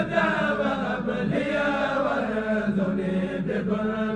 بالدعوة بلي ورزقني بكل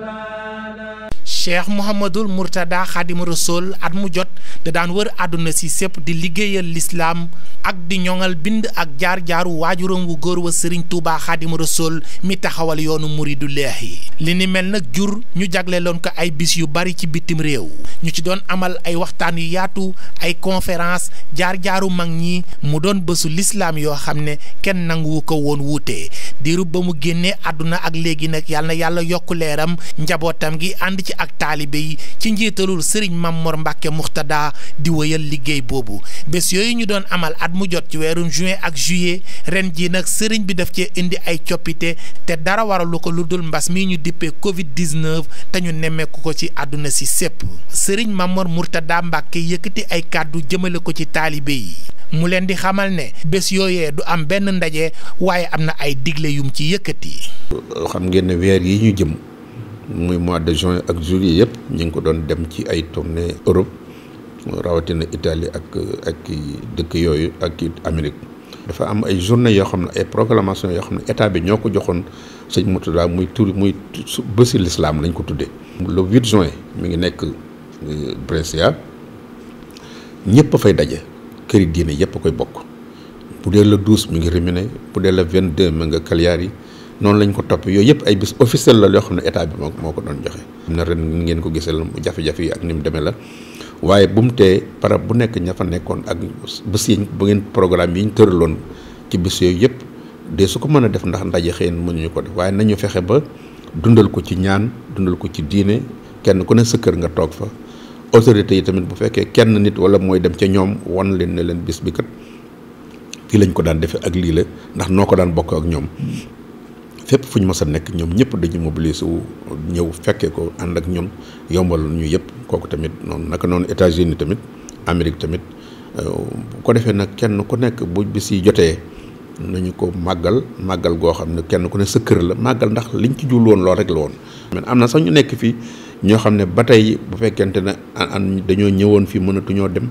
cheikh mouhamadul mourtada xaadima rasool at mu jot da daan wër àdduna si sépp di liggéeyal lislaam ak di ñoŋal bind ak jaar-jaaru waajuram wu góor wa sëriñ tuubaa xaadima rasool mi taxawal yoonu muri du leex yi li ni mel nag jur ñu jagleeloon ko ay bis yu bari ci bitim réew ñu ci doon amal ay waxtaan yu yaatu ay conférence jaar-jaaru mag ñi mu doon bësu lislaam yoo xam ne kenn nanguwu ko woon wuute diiru ba mu génnee àdduna ak léegi nag yàlla na yàlla yokku leeram njabootam gi ànd ci ak ak taalibe yi ci njiitalul sëriñ Mamor Mbàkke Muxtada di wëyal liggéey boobu bés yooyu ñu doon amal at mu jot ci weerum juin ak juillet ren ji nag sëriñ bi def cee indi ay coppite te dara waralu ko lu dul mbas mi ñu dippee Covid 19 te ñu nemmeeku ko ci àdduna si sépp sëriñ Mamor Murtada Mbàkke yëkkati ay kàddu jëmale ko ci taalibe yi mu leen di xamal ne bés yooyee du am benn ndaje waaye am na ay digle yum ci yëkkati. xam ngeen weer yi ñu jëm. muy mois de juin ak juillet yëpp ñu ngi ko doon dem ci ay tournée Europe rawatina Italie ak ak dëkk yooyu ak Amérique. dafa am ay journée yoo xam ne ay proclamation yoo xam ne état bi ñoo ko joxoon sëñ Mourtada muy tur muy bési lislaam lañ ko tuddee. le 8 juin mi ngi nekk euh, Brescia ñëpp fay daje këri diine yëpp koy bokk bu dee le 12 mi ngi Rimini pour dee le deux mi nga yi noonu lañ ko topp yooyu yëpp ay bis officiel la yoo xam ne état bi moo moo ko doon joxe. na ren ngeen ko gisal jafe-jafe yi ak ni mu demee la waaye bu mu tee para bu nekk ña fa nekkoon ak bés yi bu ngeen programme yi ñu tëraloon ci bés yooyu yëpp de su ko mën a def ndax ndaje xëy na ñu ko def waaye nañu fexe ba dundal ko ci ñaan dundal ko ci diine kenn ku ne sa kër nga toog fa. autorités yi tamit bu fekkee kenn nit wala mooy dem ca ñoom wan leen ne leen bis bi kat fii lañ ko daan defee ak lii ndax noo ko daan bokk ak ñoom. fépp fu ñu mës nekk ñoom ñëpp dañu mobiliser wu ñëw fekkee ko ànd ak ñoom yombal ñu yëpp kooku tamit noonu naka noonu États-Unis tamit Amérique tamit euh, bu ko defee nag kenn ku nekk bu bis yi jotee nañu ko màggal màggal goo xam ne kenn ku ne sa kër la màggal ndax liñ ci jublu woon lool rek la woon. mais am na sax ñu nekk fii ñoo xam ne ba tey bu fekkente ne dañoo ñëwoon fii mënatuñoo dem.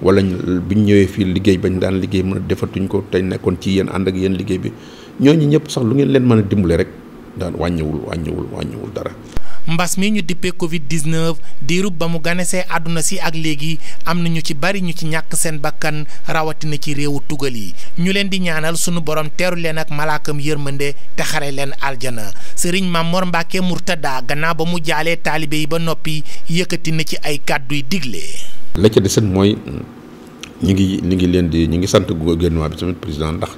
wala bu ñu ñëwee fii liggéey bañ daan liggéey mën a defatuñ ko tey nekkoon ci yéen ànd ak yéen liggéey bi ñooñu ñëpp sax lu ngeen leen mën a dimbale rek daan wàññiwul wàññiwul wàññiwul dara. mbas mi ñu dippee Covid 19 diirub ba mu ganesee àdduna si ak léegi am na ñu ci bari ñu ci ñàkk seen bakkan rawatina ci réewu tugal yi ñu leen di ñaanal sunu borom teeru leen ak malaakam yërmande te xare leen aljana sëriñ Mamor Mbacke Murtada gannaaw ba mu jaalee taalibe yi ba noppi yëkkati na ci ay kàdduy digle. la ca deset mooy ñu ngi ñu ngi leen di ñu ngi sant gouvernement bi tamit président ndax.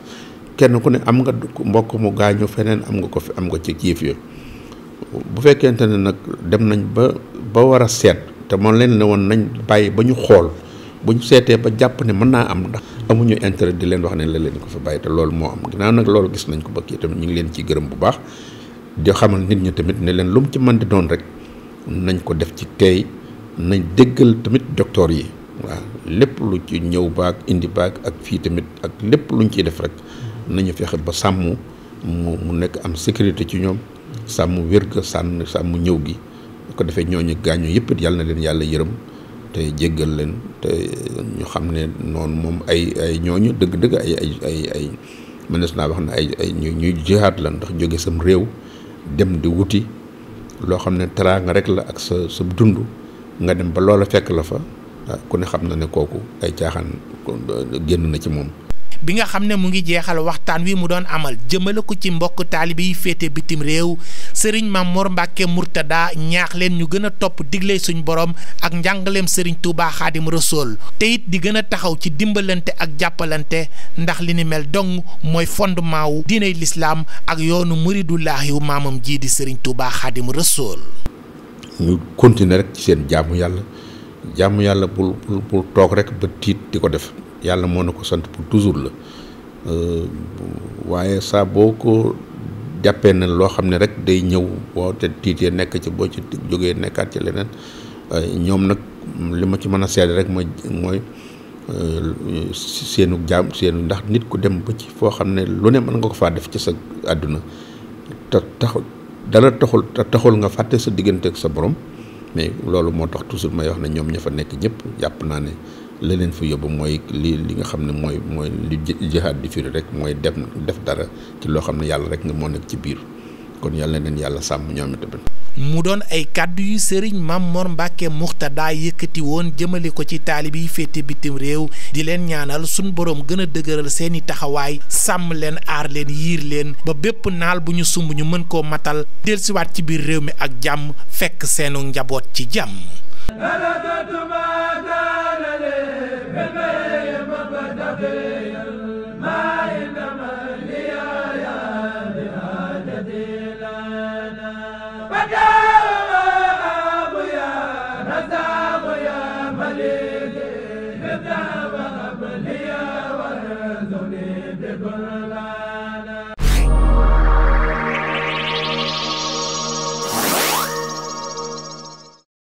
kenn ku ne am nga mbokk mu gaa ñu feneen am nga ko fi am nga ci jiif yooyu bu fekkente ne nag dem nañ ba ba war a seet te moom leen ne woon nañ bàyyi ba ñu xool bu ñu seetee ba jàpp ne mën naa am ndax amuñu intérêt di leen wax ne la leen ko fi bàyyi te loolu moo am dinaa nag loolu gis nañ ko ba kii tamit ñu ngi leen ciy gërëm bu baax di xamal nit ñi tamit ne leen lu mu ci mën di doon rek nañ ko def ci tey nañ déggal tamit docteur yi waa lépp lu ci ñëw baag indi baag ak fii tamit ak lépp luñ ciy def rek nañu fexe ba sàmm mu mu nekk am sécurité ci ñoom sàmm wér ga sànn sàmm ñëw gi bu ko defee ñooñu gaañu yëpp yàlla na leen yàlla yërëm te jéggal leen te ñu xam ne noonu moom ay ay ñooñu dëgg-dëgg ay ay ay ay mënees naa wax na ay ay ñu ñuy jihaat la ndax jóge sam réew dem di wuti loo xam ne teraanga rek la ak sa sa dund nga dem ba loola fekk la fa ah, ku ne xam na ne kooku ay caaxaan génn na ci moom bi nga xam ne mu ngi jeexal waxtaan wi mu doon amal jëmale ko ci mbokk taalibe yi féete bitim réew sëriñ Mamour Mbacke Mourtada ñaax leen ñu gën a topp digle suñ borom ak njàngaleem sëriñ Touba Xaadim Rasool te it di gën a taxaw ci dimbalante ak jàppalante ndax li ni mel dong mooy fondement wu diiney lislaam ak yoonu laax yu maamam jii di sëriñ Touba Xaadim Rasool. ñu continuer rek ci seen jaamu yàlla jaamu yàlla bul bul toog rek ba tiit di ko def. yàlla moo na ko sant pour toujours la euh, waaye saa boo ko jàppee na loo xam ne rek day ñëw boo te tiitee nekk ci boo ci jógee nekkaat ci leneen ñoom nag li ma ci mën a seede rek mooy mooy euh, seenu jaam seenu ndax nit ku dem ba ci foo xam ne lu ne mën nga ko faa def ci sag àdduna te tax dara taxul te taxul nga fàtte sa diggante ak sa borom mais loolu moo tax toujours may wax ne ñoom ña fa nekk ñëpp jàpp naa ne la leen fa yóbbu mooy li li nga xam ne mooy mooy li jihaad di firi rek mooy dem def dara ci loo xam ne yàlla rek nga moo nekk ci biir kon yàlla na yàlla sàmm ñoom itamit. mu doon ay kàddu yu sëriñ Maam Mor Mbàkke daa yëkkati woon jëmale ko ci taalib yi féete bitim réew di leen ñaanal suñ boroom gën a dëgëral seeni taxawaay sàmm leen aar leen yiir leen ba bépp naal bu ñu sumb ñu mën koo matal dellusiwaat ci biir réew mi ak jàmm fekk seenu njaboot ci jàmm ذهب